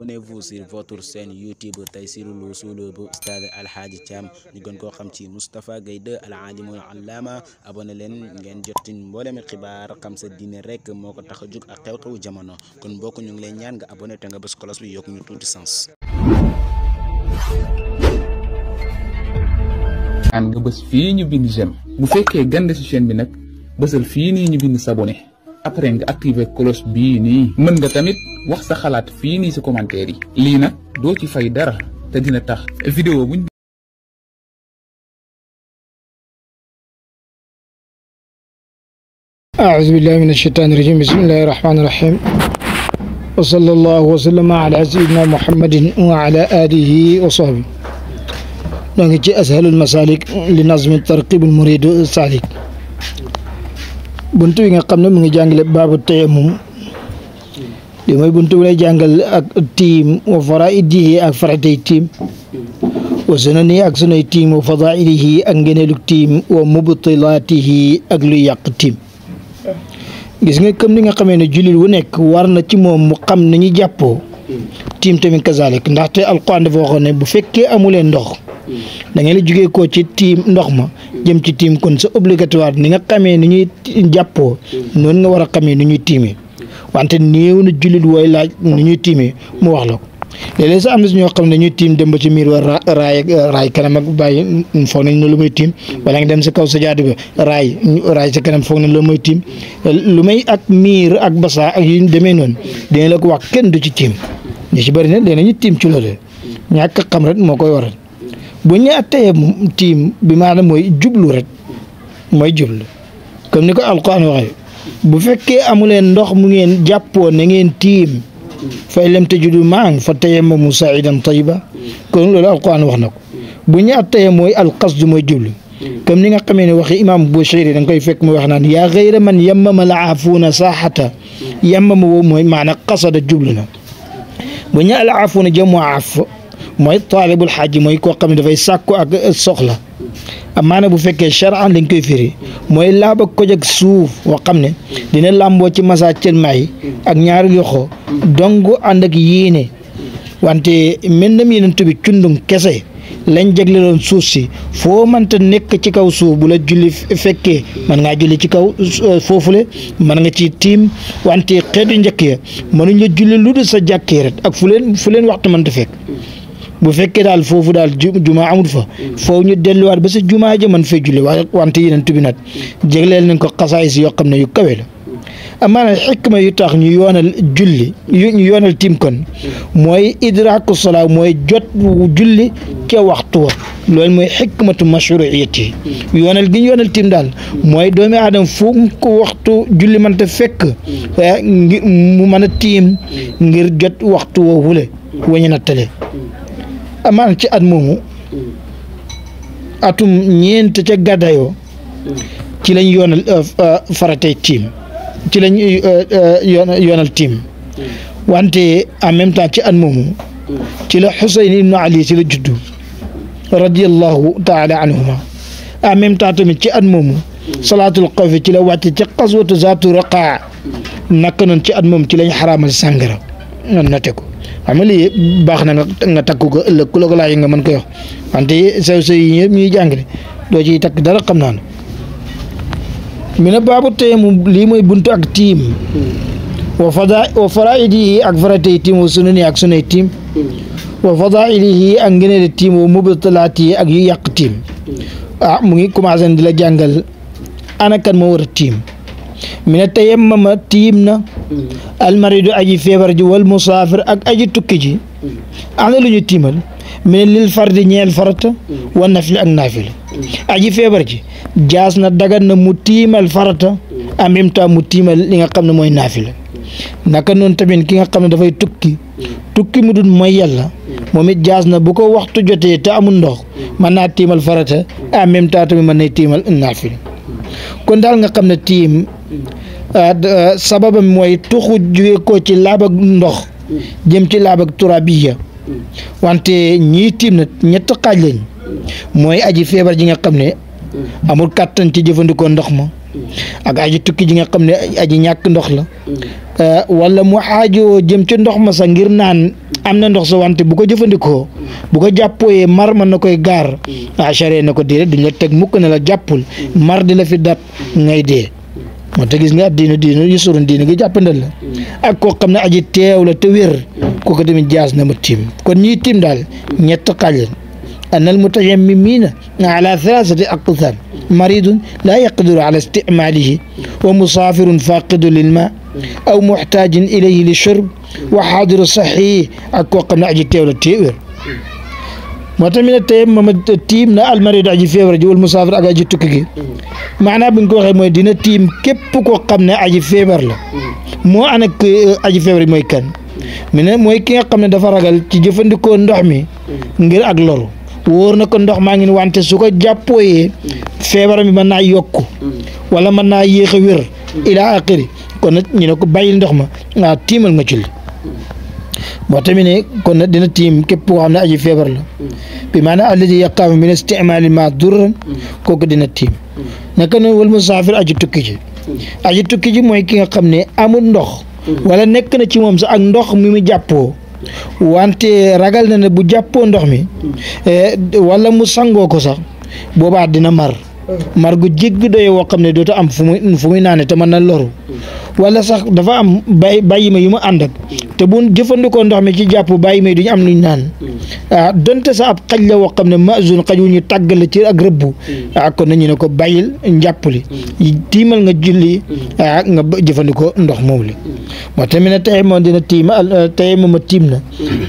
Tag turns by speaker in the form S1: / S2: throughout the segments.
S1: Abonnez-vous sur votre chaîne YouTube Taysiroul Wousoul bu koo xam ci Moustapha Gueye 2 al alimul allama abonné leen ngeen jotin mboolemi xibaar xam sa diine rek moo ko tax a jóg ak kon mbokk ñu ngi lay ñaan nga abonné te nga bës cloche bi yokk ñu tuuti sens
S2: aan nga bës fii ñu bind j'aime bu fekkee gande ci bi nag bësal fii nii ñu bind
S1: s'abonner après nga activer cloche bii nii mën nga tamit wax sa xalaat fii nii si commentaire yi lii nag doo ci fay dara te dina tax vidéo buñ أعوذ بالله من الشيطان الرجيم بسم الله الرحمن الرحيم وصلى الله وسلم على سيدنا محمد وعلى آله وصحبه نجي أسهل المسالك لنظم الترقيب المريد السالك بنتو nga xamne mu ngi jangale babu li mooy bunt bu lay jàngal ak tiim wa faraidihi ak faratay tiim wa sunani ak sunay tiim wa fadailihi ak ngeneelu tiim wa yi ak luy yàq tiim gis nga comme ni nga xamee ne jullit wu nekk war na ci moom mu xam ni ñuy jàppoo tiim tamit kazalik ndaxte alquran dafa waxoon ne bu fekkee amuleen ndox da ngeen la jugee koo ci tiim ndox ma jëm ci tiim kon sa obligatoire ni nga xamee ni ñuy jàppoo noonu nga war a xamee nu ñuy tiime wante néew na jullit wooy laaj nu ñuy tiimee mu wax la ko léeg sax am na si ñoo xam ne ñuy tiim dem ba ci miir war raay raay kanam ak bàyyi foog nañ ne lu muy tiim wala nga dem si kaw sa jaadu ba raay raay sa kanam foog nañ lu muy tiim lu may ak miir ak basa ak yu demee noonu dina la ko wax kenn du ci tiim ñu ci bëri na ñu tiim ci loolu ñàkk xam rek moo koy waral bu ñu attee tiim bi maanaam mooy jublu rek mooy jublu comme ni ko alquran waxee bu fekkee amuleen ndox mu ngeen jàppoo na ngeen tiim fa lam tajidu maan fa tey tayammamu saidan tayiba kon loolu alquran wax na ko bu ñu attayee mooy alqasdu mooy jublu comme ni nga xamee ne waxi imam Bushayri da nga koy fekk mu wax naan yaa gayra man yammama la aafuuna saaxata yammama woowu mooy maanaam qasada jublu na bu ñu al aafuuna jamu aaf mooy taalibul xaaji mooy koo xam ne dafay sàkku ak soxla amaana bu fekkee charan lañ koy firi mooy laab ak koj ak suuf woo xam ne dina làmboo ci massa cëlmaa yi ak ñaari yoxo dong ànd ak yéene wante mendam yenentu bi cundum kese lañ jagleloon suuf si foo mënta nekk ci kaw suuf bu la julli fekkee mën ngaa julli ci kaw euh, foofu le mën nga ci tiim wante xeetu njëkk ya mënuñ la julli lu dul sa jàkkee rek ak fu leen fu leen waxtu mënta fekk bu fekkee daal foofu daal jumaa amul fa foofu ñu delluwaat ba sa jumaa ja mën fee julli waaye wante yeneen tubi nag jégleel nañ ko xasaayis yoo xam ne yu kawe la amaana xikma yu tax ñu yoonal julli ñu yoonal tim kon mooy idraaku salaa mooy jot julli ca waxtu wa loolu mooy xikmatu mashruiyat yi yoonal gi ñu yoonal tim daal mooy doomi aadama fu ko waxtu julli mën fekk mu mën a tiim ngir jot waxtu woo wule wañu nattale amaan ci at moomu atum ñeent ca ci lañ yoonal euh, euh, faratay tiim ci lañ euh, yoonal tiim wante en même temps ci at moomu ci la Xuseyn ibnu Ali ci la juddu radiyallahu taala anhuma en même temps tamit ci at moomu salaatul xawfi ci la wàcce ci xaswatu zaatu raqaa naka ci at moom ci lañ xaraamal sàngara noonu na tegu xam lii baax na nga nga takku ko ëllëg ku nga mën ko yox wante sew sew yi yëpp ñuy jàng doo ciy takk dara xam naa ne mi ne baabu teemu lii mooy buntu ak tiim wa fada wa faraidi ak faratey tiim wa sunani ak sunay tiim wa fadailihi ak ngëneele tiim wa mubtalaati ak yu yàq tiim ah mu ngi commencé di la jàngal ana kan moo war a tiim mi ne tayemmama tiim na Mm-hmm. almaridu aji feebar ji wal musaafir ak aji tukki ji
S2: mm-hmm.
S1: ana lu ñu tiimal min lil fardi ñeel farata mm-hmm. wa nafil ak naafil aji feebar ji jaas na dagan na mu tiimal farata en même temps mu tiimal li nga xam ne mooy naafila naka noonu tamit ki nga xam ne dafay tukki tukki mu mooy yàlla moom it jaas na bu ko waxtu jotee te amul ndox mën naa tiimal farata en même temps tamit mën nay tiimal naafil kon daal nga xam ne tiim Euh, euh, sababam mooy tuxu jóge ko ci laab ndox jëm ci laab ak turabiya wante ñii tiim na ñett xaaj lañ mooy aji feebar ji nga xam ne amul kàttan ci jëfandikoo ndox ma ak aji tukki ji nga xam ne aji ñàkk ndox la euh, wala mu aajoo jëm ci ndox ma sax ngir naan am na ndox sa wante bu ko jëfandikoo bu ko jàppooyee mar mën na koy gaar mm. ah charee na ko déedéet duñ la teg mukk na la jàppul mm. mar di la fi dat ngay dee moo tax gis nga ab diina diina yusurun diina gi jàppandal la ak koo xam ne aji teew la te wér kooku tamit jaas na mu tiim kon ñii tiim daal ñett xaaj lañ anal mutayamimina ala thalathati aqsam maridun laa yaqdiru ala isticmaalihi wa musaafirun faqidu lilma aw muxtaajin ilayhi li shurb wa xaadiru saxiih ak koo xam ne aji teew la te wér moo tamit ne ma moom tiim na almarido aji feebar ji wal musaafir ak aji tukki gi maanaam bi ñu ko waxee mooy dina tiim képp koo xam ne aji feebar la moo an ak euh, aji feebar yi mooy kan ne mooy ki nga xam ne dafa ragal ci jëfandikoo ndox mi ngir ak loru wóor na ko ndox maa ngi wante su ko jàppooyee feebar mi mën naa yokk wala mën naa yéex a wér ila axiri kon nag ñu ne ko bàyyil ndox ma waa tiimal nga ci li boo tamit ne kon nag dina tiim képp koo xam ne aji feebar la bi maanaam alladi mi ne istimaali ma durran kooku dina tiim naka noonu wal musaafir aji tukki ji aji tukki ji mooy ki nga xam ne amul ndox wala nekk na ci moom sax ak ndox mi mu jàppoo wante ragal na ne bu jàppoo ndox mi eh, wala mu sangoo ko sax boobaa dina mar mm. mar gu jéggi doyoo woo xam ne dootu am fu muy fu muy naane te mën na loru wala sax dafa am bay bàyyi ma yu ma ànd ak te bu jëfandikoo ndox mi ci jàpp bàyyi ma yi duñu am luñ naan ah donte sax ab xaj la woo xam ne mazun xaj wu ñu tàgg la ci ak rëbbu ah kon nañu ne ko bàyyil njàpp li tiimal nga julli ah nga jëfandikoo ndox moom li moo tamit ne tey moom dina tiima tey moom a tiim na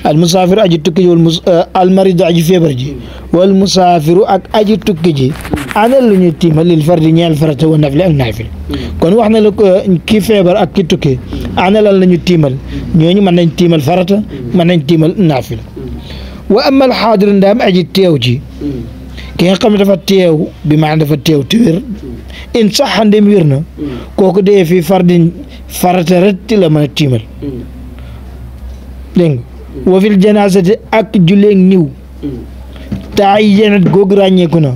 S1: al musaafir aji tukki ji wal al marido aji feebar ji wal musaafiru ak aji tukki ji ana lu ñuy tiimal lil fardi ñeel farata wa nafli ak naafil kon wax na la euh, ki feebar ak ki tukki ana lan tiimal ñooñu mën nañ tiimal farata mën nañ tiimal naafila wa ama alxaadir ndaam aji teew ji ki nga xam ne dafa teew bi maanaam dafa teew te wér in sax ndem wér na kooku dee fii fardin farata rek la mën a tiimal dégg nga wa fil janaasati ak juleeg niw taa yi yeneen googu ràññeeku na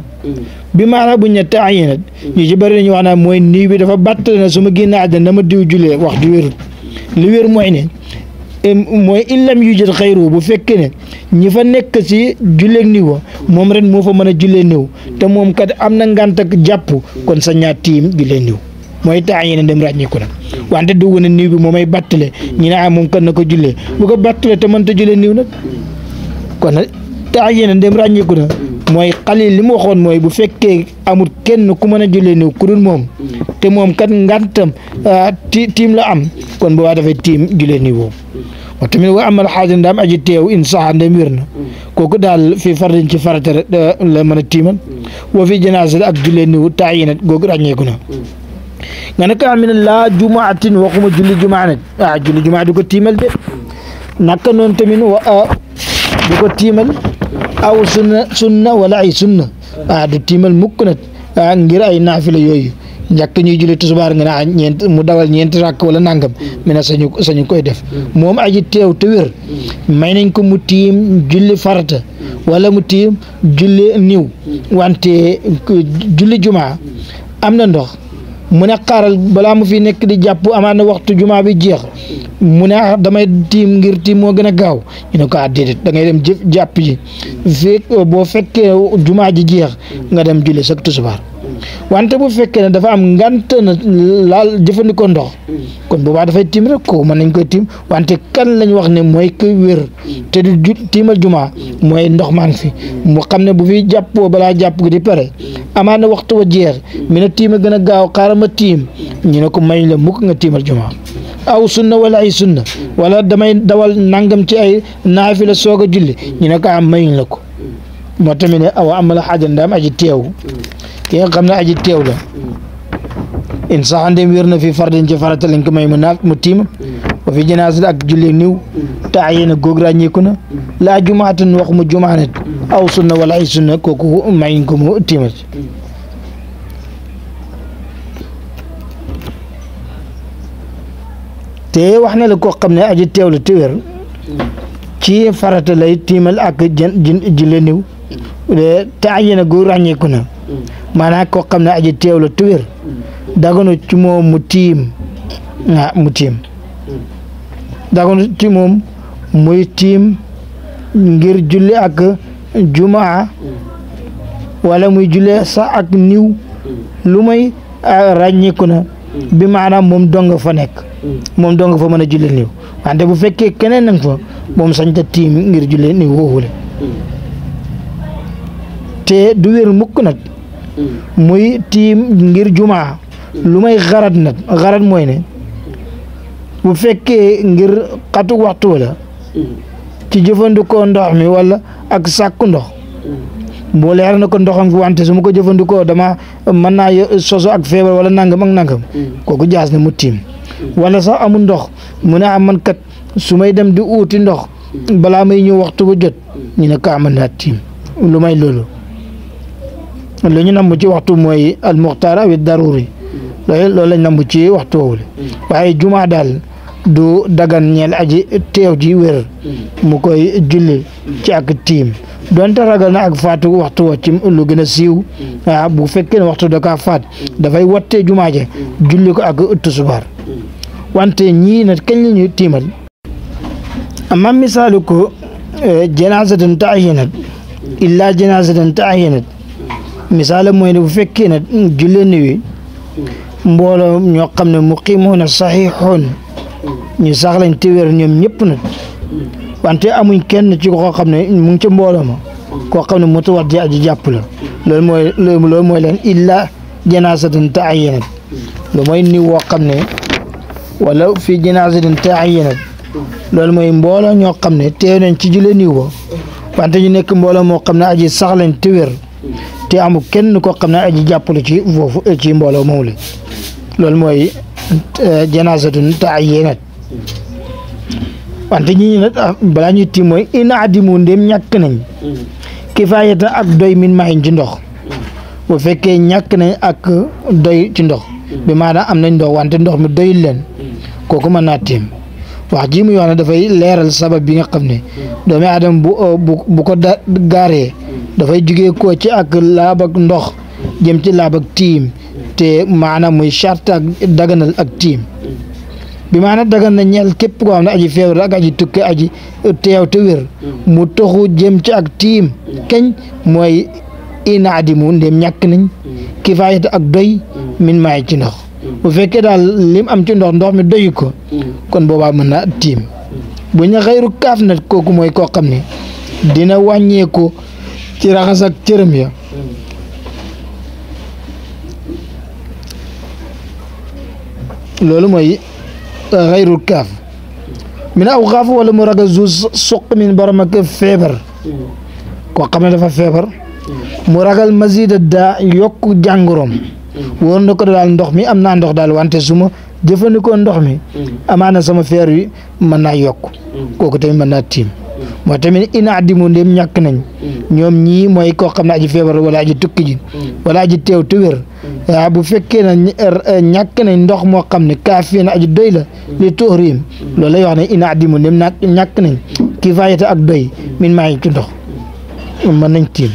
S1: bi maanaam bu ñu ne taayinat ñu ci bëri ñu wax naan mooy nii bi dafa bàtt na su ma génnee àddina dama diw julee wax di wérul li wér mooy ne mooy illam yu jët xayru bu fekkee ne ñi fa nekk si julleeg niw moom ren moo fa mën a jullee niw te moom kat am na ngànt jàpp kon sa ñaar tiim jullee niw mooy taayin a dem ràññiku na wante dugg na niw bi moom moomay bàttale ñu ne ah moom kan na ko jullee bu ko bàttale te mënta jullee niw nag kon taayin a dem ràññiku na mooy xalil li mu waxoon mooy bu fekkee amul kenn ku mën a jullee néew ku moom te moom kat ngantam ah, ti tiim la am kon bu waa dafay tiim jullee néew boobu wa tamit wa amal xaaja ndaam aji teew in saxa ndam wér na kooku daal fi fardañ ci farata eh, la mën a tiimal wa fi janaasa ak jullee néew taayinat googu ràññeeku na nga ne kaa mi ne laa jumaatin waxuma julli jumaa nag ah, julli jumaa du ko tiimal de naka noonu tamit wa ah, du ko tiimal aw sunna sunna wala ay sunna a ah, du tiimal mukk nag ah ngir ay naafila yooyu njëkk ñuy julli tusubaar nga naa ah, ñeent mu dawal ñeent rakk wala nangam mi ne sañu sañu koy def moom aji teew te wér may nañ ko mu tiim julli farata wala mu tiim julli niw wante julli jumaa am na ndox mu ne xaaral balaa mu fi nekk di jàpp amaan na waxtu jumaa bi jeex mu ne ah damay tiim ngir tiim moo gën a gaaw ñu ne ko ah déedéet da ngay dem jë jàpp ji euh, boo fekkee jumaa ji jeex nga dem julli sa tusubaar wante bu fekkee ne dafa am ngant na laal jëfandikoo ndox kon boobaa dafay tiim rek ko mën nañ koy tiim wante kan lañ wax ne mooy koy wér te du tiimal jumaa mooy ndox maan fi mu xam ne bu fi jàppoo balaa jàpp gi di pare amaa na waxtu wa jeex mi ne tiim a gën a gaaw xaaral ma tiim ñu ne ko may la mukk nga tiimal jumaa aw sunna wala ay sunna wala damay dawal nangam ci ay soog a julli ñu ne ko la ko tamit ne awa amala xaajan ndaam aji teew ki nga xam ne aj teew la in sax ndem wér na fi fardin ci farata lañ ko may mu naaf mu tiim wa fi janaasa ak julli niw ta yéena góog ràññeeku na laa jumaatan wax mu jumaanet aw sunna wala ay sunna kooku mayuñ ko mu tiimal te wax na la koo xam ne aji teew la te wér ci farata lay tiimal ak jën jële niw te aji na gu ràññeeku na maanaam koo xam ne aji teew la mu tiim ah mu tiim daganu ci muy tiim ngir julli ak jumaa wala muy julli sa ak niw lu may ràññeeku na bi maanaam moom dong fa nekk moom doo nga fa mën a julli niiw wante bu fekkee keneen nag fa moom sañ ta tiim ngir julli niiw woowule te du wér mukk nag muy tiim ngir jumaa lu may xarat nag xarat mooy ne bu fekkee ngir xatu waxtu la ci jëfandikoo ndox mi wala ak sàkku ndox boo leer na ko ndoxam fi wante su ma ko dama mën naa soso ak feebar wala nangam ak nangam mm. kooku jaas na mu tiim wala sax amul ndox mu ne ah man kat su may dem di uuti ndox balaa may ñëw waxtu bu jot ñu ne ko amal ah, naa tiim lu may loolu lu ñu namm ci waxtu mooy al muxtaar awi daruri loolu ci waxtu woowu waaye jumaa daal du dagan ñeel aji teew ji wér mu koy julli ci ak tiim donte ragal na ak faatu waxtu wa ci lu gën a siiw ah bu fekkee ne waxtu da kaa faat dafay wattee jumaaje julli ko ak tusubaar wante ñii nag kañ la ñuy tiimal amma misaalu ko e, janaasatan taayanat illaa janaasatan taayanat misaala mooy ne bu fekkee nag julleen wi mbooloo ñoo xam ne muqiimoona saxiixoon ñu sax lañ te ñoom ñëpp nag wante amuñ kenn ci koo xam ne mu ngi ca mbooloo ma koo xam ne mutawaddi aji jàpp la loolu mooy loolu mooy leen illaa janaasatan taayanat lu mooy ni woo xam ne wala fii jinaasatin taayanat loolu mooy mbooloo ñoo xam ne teew nañ ci jule niw ba wante ñu nekk mbooloo moo xam ne aji sax lañ te wér te amul kenn ko xam ne aji jàppalu ci foofu ci mbooloo moom li loolu mooy eh, janaasatun taayanat wante ñi nag ah, a ñuy ti mooy in adimu ndéem ñàkk nañ kifaayata ak doy min mahin ci ndox bu fekkee ñàkk nañ ak doy ci ndox bi maanaam am nañ ndox wante ndox mi doyul leen kooku man naa tiim wax jii muy wax dafay leeral sabab bi nga xam ne doomi aadama bu euh, bu ko gaaree dafay jugee koo ci ak laab ndox jëm ci laab ak tiim te maanaam muy charte ak daganal ak tiim bi maanaam dagan na ñeel képp koo xam ne aji feebar ak aji tukki aji teew te wér mu toxu jëm ci ak tiim keñ mooy inaadimu ndem ñàkk nañ kifaayata ak doy min maay ci ndox bu fekkee daal lim am ci ndox ndox mi doyu ko mm-hmm. kon boobaa mën na tiim bu ñu xayru kaaf nag kooku mooy koo xam ne dina wàññeeku ci raxas ak cërëm ya
S2: mm-hmm.
S1: loolu mooy xayrul kaaf min aw xaaf wala mu ragal zu suq min borom ak mm-hmm. xam ne dafa feebar mu ragal masida daa yokk jàngoroom wóor na ko daal ndox mi am naa ndox daal wante su ma jëfandikoo ndox mi mm. amaana sama feer wi mën naa yokk mm. kooku tamit mën naa tiim mm. moo tamit ina addimu ndéem ñàkk nañ ñoom ñii mooy koo xam ne aji feebar wala te na er, er, ñàkk nañ ndox moo xam ne kaafi na la li tuurim loolu lay wax ne ina addimu ndéem na ñàkk nañ kifaayata ak doy min maa ngi ci ndox mën nañ tiim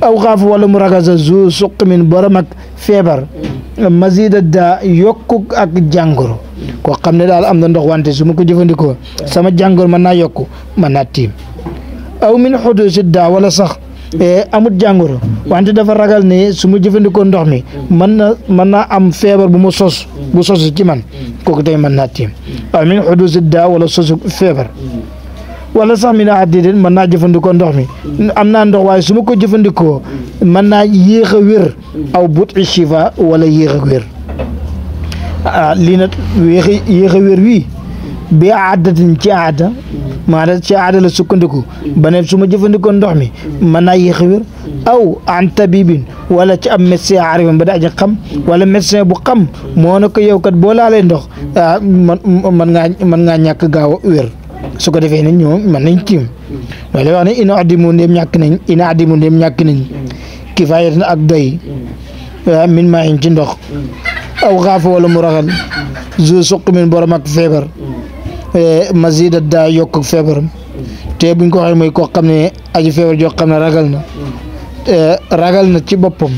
S1: aw xaafu wala mu ragal sa zu suq min borom ak feebar mazida daa yokku ak jàngoro koo xam ne daal am na ndox wante su ma ko jëfandikoo sama jàngoro man naa yokku man naa tiim aw min xudusi daa wala sax eh, amut jàngoro wante dafa ragal ne su ma jëfandikoo ndox mi mën na mën naa am feebar bu mu sos bu sos ci man kooku tey mën naa tiim aw min xudusi daa wala sosu feebar wala sax mi naa addi mën naa jëfandikoo ndox mi am naa ndox waaye su ma ko jëfandikoo mën naa yéex a wér aw but i shifa wala yéex a wér ah lii nag yéex a wér wii bi aadatin ci aada maanaam ci aada la sukkandiku ba ne su ma jëfandikoo ndox mi mën naa yéex a wér aw an tabibin wala ci am médecin arifin ba daaje xam wala médecin bu xam moo na ko yow kat boo laalee ndox ah man man ngaa mën ngaa ñàkk gaaw a wér su ko defee nag ñoom mën nañ tiim loolu wax ina addimu ndéem ñàkk nañ ina addimu ñàkk nañ kifaayat na ak doy ah, min ma in ci ndox aw xaafa wala mu raxal zo suq min borom ak feebar eh, masida daa yokk ak feebaram te ko waxee mooy koo xam ne aji feebar joo xam ne ragal na eh, ragal na ci boppam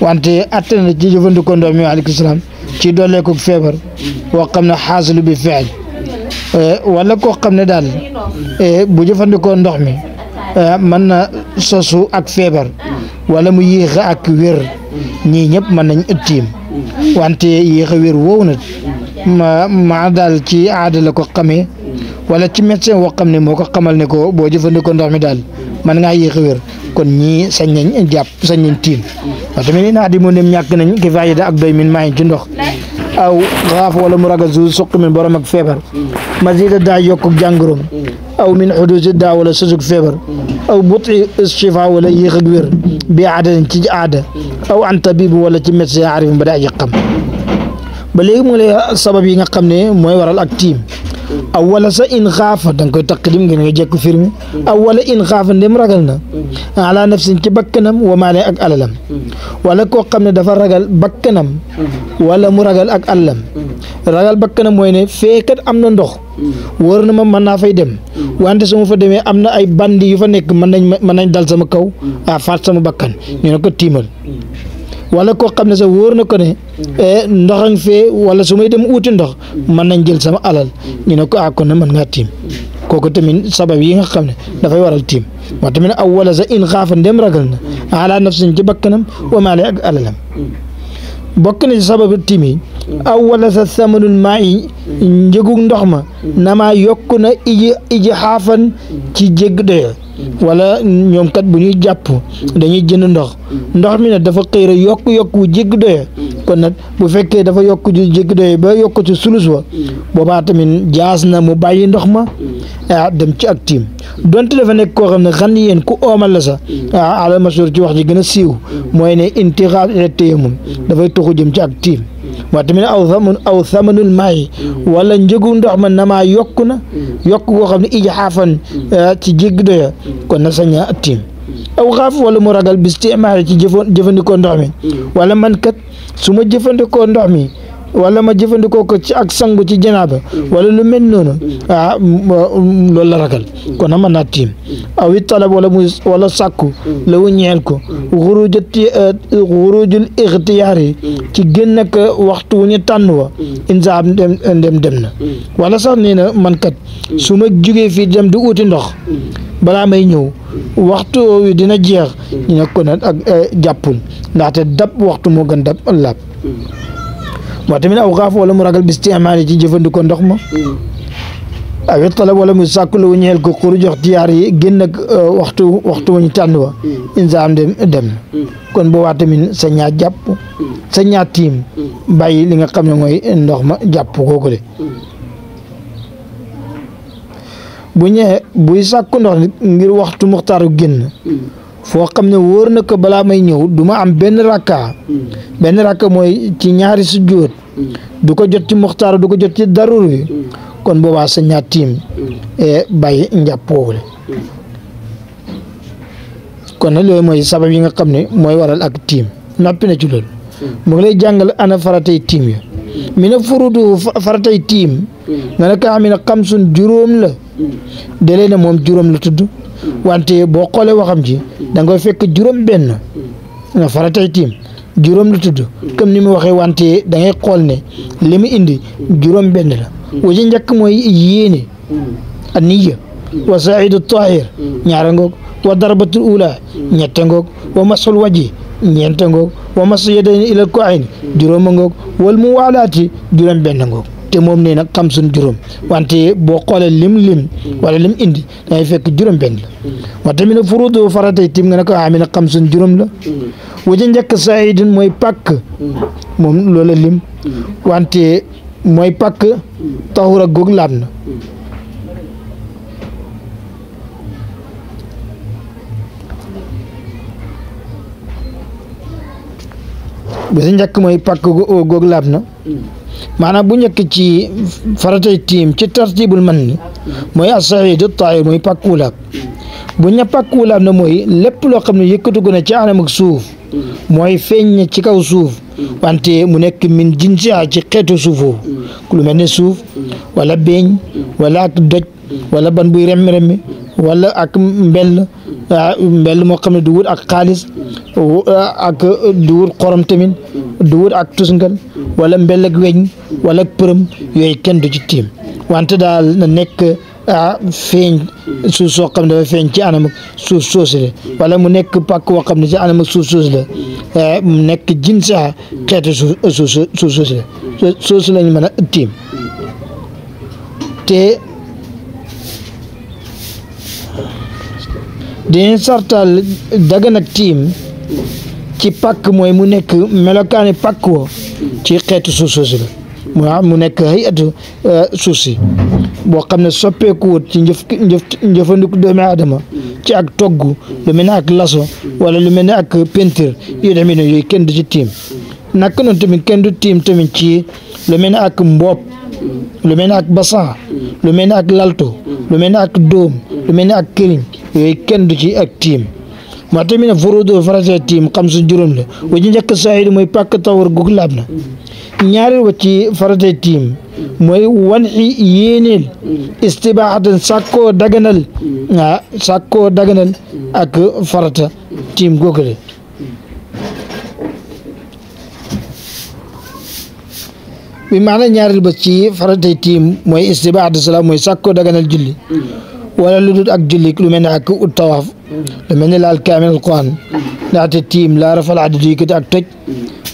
S1: wante atte na ci jëfandikoo ndox mi aleykum salaam ci dooleeku feebar boo xam xaasilu bi feeñ Eh, walla koo xam ne daal eh, bu jëfandikoo ndox mi eh, man na sosu ak feebar wala mu yéex a ak wér ñii ñëpp mën nañ tiim wante yéex a wér woow na ma ma daal ci aada la ko xamee wala ci médecin woo xam ne moo ko xamal ne ko boo jëfandikoo ndox mi daal mën ngaa yéex a kon ñii sañ nañ jàpp sañ tiim waaw tamit nee naa di mu nem ñàkk nañ ki faayida ak doy min maa ngi ci ndox aw xaaf wala mu ragal suuf suq min borom ak feebar ma daa yokkub jàngoroom aw min xuduusi daa wala sosug feebar aw buti shifa wala yéex ak wér bi ci aada aw an wala ci médecin arifin ba daa ji xam ba mu lay sabab yi nga xam ne mooy waral ak tiim aw wala sa in xaafa da nga koy taqdim ngeen nga jekku firmi aw wala in xaafa ndem ragal na ala nafsin ci bakkanam wa ak alalam wala koo xam ne dafa ragal bakkanam wala mu ragal ak alalam ragal bakkanam mooy ne feekat am na ndox mm. wóor na ma man naa fay dem mm. wante su ma fa demee am na ay bandi yu fa nekk mën nañ mën nañ dal sama kaw ah faat sama bakkan ñu ne ko tiimal wala koo xam ne sa wóor na ko ne eh, ndox a su may dem ndox mën nañ jël sama alal ñu ne ko ah kon na mën ngaa tiim kooku tamit sabab yi nga xam ne dafay waral tiim moo tamit awwala sa in xaafa ndem ragal na ala nafsin ci bakkanam wa maale ak alalam bokk na ci sababu timi aw wala sa samanul maa yi njëgug ndox ma namaa yokk na iji iji xaafan ci jégg doyo wala ñoom kat bu ñuy jàpp dañuy jënd ndox ndox mi ne dafa xëy yokk yokk wu jégg doyo kon nag bu fekkee dafa yokk ju jéggi doy ba yokk ci sulus wa boobaa tamit jaas na mu bàyyi ndox ma ah, dem ci ak tiim donte dafa nekk koo xam ne xan ni yéen ku oomal la sa ah alal mashhur ci wax ji gën a siiw mooy ne intixaal ila tayamum dafay tuxu jëm ci ak tiim waaye tamit aw thaman aw thamanul maayi wala njëgu ndox ma namaa yokk na yokk koo xam ne ijxaafan ah, ci jéggi doya kon na saña tiim aw xaaf wala mu ragal bis ci imaara ci jëfandikoo ndox mi mm. wala mankat su ma jëfandikoo ndox mi wala ma jëfandikoo ko ci ak sangu ci janaaba mm. wala lu mel noonu mm. ah loolu la ragal kon mën naa tiim aw it talab wala muy wala la wu ñeel ko xuruju eh, xurujul ixtiyaar yi ci génn ak waxtu wu ñu tànn wa insaab dem dem dem na wala sax nee na man kat su ma jugee fii dem di uuti ndox balaa may ñëw waxtu woowu dina jeex ñu ne ko nag ak eh, jàppul ndaxte dab waxtu moo gën dab laab moo tamit aw xaaf wala mu ragal bis timaali ci jëfandikoo ndox ma awit talab wala mu sàkku lu ñeel ko xuru jox tiyaar yi génn ak eh, waxtu waxtu wu ñu tànn wa insaam dem dem kon boobaa tamit sa ñaa jàpp sa tiim bàyyi li nga xam ne mooy ndox ma jàpp kooku de bu ñe bu sakku ndox ngir waxtu muxtaru genn fo xamne woor na ko bala may ñew duma am ben rakka ben rakka moy ci ñaari du ko jot ci muxtaru du ko jot ci darur bi kon boobaa sa ñaar tim e, bàyyi njàpp kon na loy moy sabab yi nga xamne moy waral ak tim nopi na ci lool mo ngi lay jangal ana faratay tim, yi ya. mina furudu faratay tim, nga ka amina sun jurum la dalee na moom juróom la tudd wante boo xoolee waxam ji da fekk juróom benn nga faratay tiim juróom la tudd comme ni mu waxee wante da ngay xool ne li mu indi juróom benn la waja njëkk mooy yéene a niya wa saidu tahir ñaara ngoog wa darbatul ula ñette ngoog wa masul waji ñeente ngoog wa masu yadayni ilal koayn juróoma ngoog wal mu waalaati juróom benn ngoog te moom nee nag xam sun juróom wante boo xoolee lim lim wala lim indi dangay fekk juróom benn la wa tamit nag furuudu faratay tim nga ne ko juróom la waja njëkk saidin mooy pàkk moom loola lim wante mooy pàkk taxura góog laab na njëkk mooy pàkk na maanaam bu njëkk ci faratay tiim ci tartibul man ni mooy asaxiid taahir mooy pàkkuulaab bu ña pàkkuulaab na mooy lépp loo xam ne yëkkatugu na ci anam suuf mooy feeñ ci kaw suuf wante mu nekk min jinsiha ci xeetu suufoo lu mel ne suuf wala beeñ wala ak doj wala ban buy remmi-remmi wala ak mbell ah, mbell moo xam ne du wut ak xaalis ah, ak du wut xorom tamit du wut ak tusngal wala mbel ak weñ wala përëm yooyu kenn du ci tiim wante daal na nekk ah feeñ suuf soo xam ne dafa feeñ ci anam suuf soosu wala mu nekk pak woo xam ne ci anam suuf soosu la e, mu nekk jin saa xeetu suuf suuf soosu la lañ mën a tiim te dinañ sartal dagan ak tiim ci pàkk mooy mu nekk melokaani pàkk woo ci xeetu suuf soosu la mu nekk ay at euh, suuf boo xam ne soppeekuwut ci njëf njëf njëfandiku doomi aadama ci ak togg lu mel ne ak laso wala lu mel ne ak peinture yu demee ne yooyu kenn du ci tiim naka noonu tamit kenn du tiim tamit ci lu mel ne ak mboob lu mel ne ak basan lu mel ne ak lalto lu mel ne ak dóom lu mel ne ak këriñ yooyu kenn du ci ak tiim maa tamit nag furuudoo farata tiim xam su juróom la mm-hmm. wa ci mooy pàkk tawar gug laab na mm-hmm. ñaareel ci farata tiim mm-hmm. mooy wan i yéeneel istibaaxatan sàkkoo daganal ah, ak farata tiim googale bi maana ñaareel ba ci farata tiim mooy istibaaxatan salaam mooy sàkkoo daganal julli wala lu dul ak julli lu mel ne ak tawaaf lu mel ne laal kaamil alquran ndaxte tiim laa rafal adadu yëkkati ak toj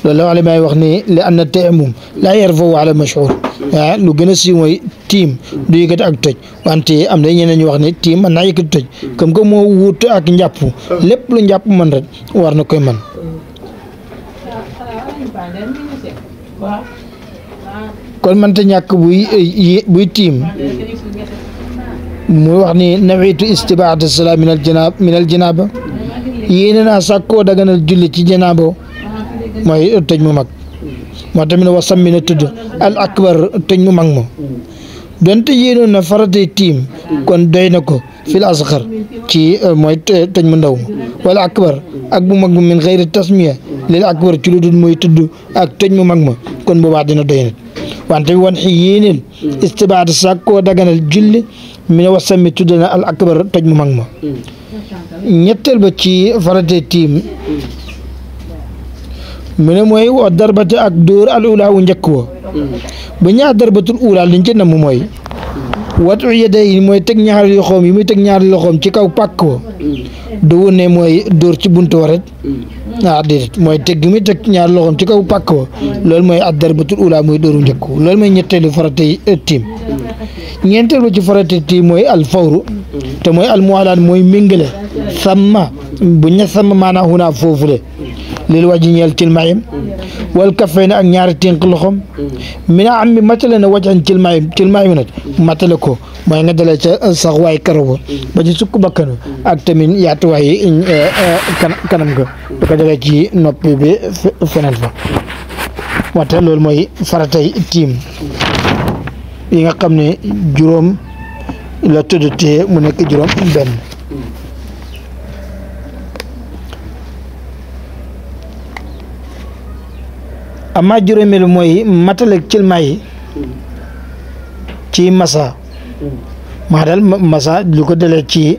S1: loolu la wax ne li an na tayammum laa yarfawu ala mashhur waaw lu gën a siiw mooy tiim du yëkkati ak toj wante am na ñeneen ñu wax ne tiim mën naa yëkkati toj comme que moo wut ak njàpp lépp lu njàpp man rek war na koy mën kon mënta ñàkk buy tiim mu wax ni nawitu istibaat salaa min al janaab min al janaaba yéene naa sàkkoo ci janaabo mooy tëj mu mag moo tamit wa sammi na tudd al akbar tëj mu mag ma donte yéenoon kon doy na ko fil asxar ci euh, mu ndaw ma wala akbar ak bu mag ma min xëyri tasmiya lil akbar ci lu mooy tudd ak tëj mu mag ma kon boobaa dina doy na wante wan xi yéeneel istibaat sàkkoo daganal julli mi ne wasami tudd na al akbar toj mu mag ma ñetteel ba ci farate tiim mu ne mooy wa darbate ak dóor al ula wu njëkk wa ba ñaar darbatul ula liñ ci namm mooy watu mooy teg ñaari loxoom yi muy teg ñaari loxoom ci kaw pàkk wa du woon ne mooy dóor ci buntu wa rek ah déedéet mooy teg gi muy teg ñaari loxoom ci kaw pàkk wa loolu mooy ad darbatul ula muy dóoru njëkk loolu mooy ñetteelu faratey tiim ñeenteel ba ci faratiti mooy alfawru te mooy almuwaalaat mooy méngale sama bu ña sàmm maanaam hunaa foofule lil waji ñeel tilmayim wal kafay na ak ñaar tinq loxom mina am mi matale na wajan tilmayim tilmayim nag matale ko mooy nga dalee ca sax waay karaw ba ci sukk bakkanu ak tamit yaatuwaay kanam ga da ko dalee ci noppi bi feneen fa wante loolu mooy faratay tiim yi nga xam ne juróom la tudd te mu nekk juróom benn amma mooy matalik cilma ci masa maa daal masa lu ko ci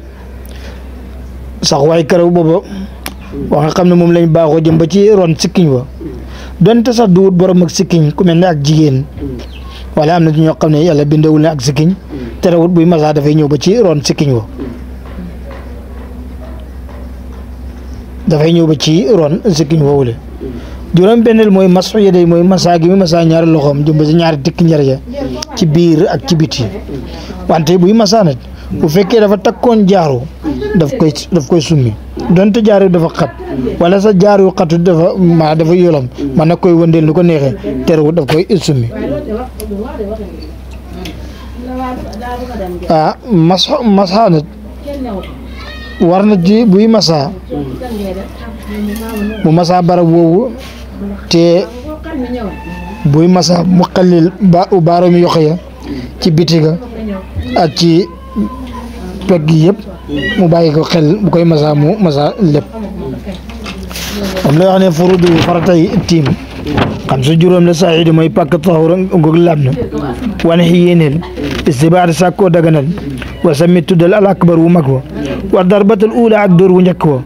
S1: sax waay karaw booba wax nga xam ne moom lañ baaxoo jëm ba ci ron sikkiñ wa donte sax duwut borom ak sikkiñ ku mel ak jigéen wala am na di ñoo xam ne yàlla bindewul na ak sikkiñ terewut buy masaa dafay ñëw ba ci ron sikkiñ wa dafay ñëw ba ci ron sikkiñ woowule juróom benneel mooy masu yeday mooy masaa gi muy masaa ñaari loxoom jëm ba si ñaari tikki njar ci biir ak ci biti wante buy masaa nag bu fekkee dafa takkoon jaaru daf koy daf koy summi donte jaaru dafa xat wala sa jaaru xatu dafa maa dafa yolom man na koy wëndeel lu ko neexee terewut daf koy summi ah mas masaa nag war na ji buy masaa mu masaa barab woowu te buy masaa mu xallil ba baaroom yox ci bitiga ak ci pegg yëpp mu bàyyi ko xel bu koy masaa mu masaa lépp am la wax ne furudu faratay tiim xam su juróom la saxiidi mooy pàkk taxawra ngog laab na wane xiyéeneel istibaar sàkkoo daganal wa sami tuddal al akbar wu mag wa wa darbatal uula ak dóor wu njëkk wa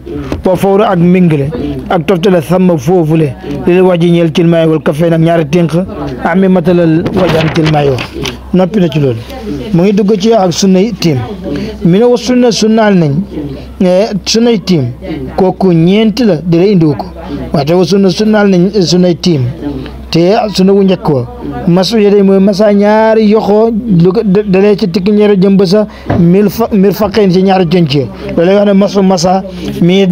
S1: wa fawra ak mingile ak toftale sàmm foofule lil waji ñeel cilmaay wal kafeen ak ñaari tënk ami matalal wajaan cilmaay wa noppi ci loolu mu ngi dugg ci ak sunnay tiim mi na wa sunna sunnaal nañ tiim kooku ñeenti la di la indiwu ko waaye te sunna sunnaal tiim te sunu wu njëkk wa masu yéday mooy masa ñaari yoxoo lu ko dalee ci tikki ñeero jëm ba sa ci ñaari coñcee loolu wax ne masu masa mi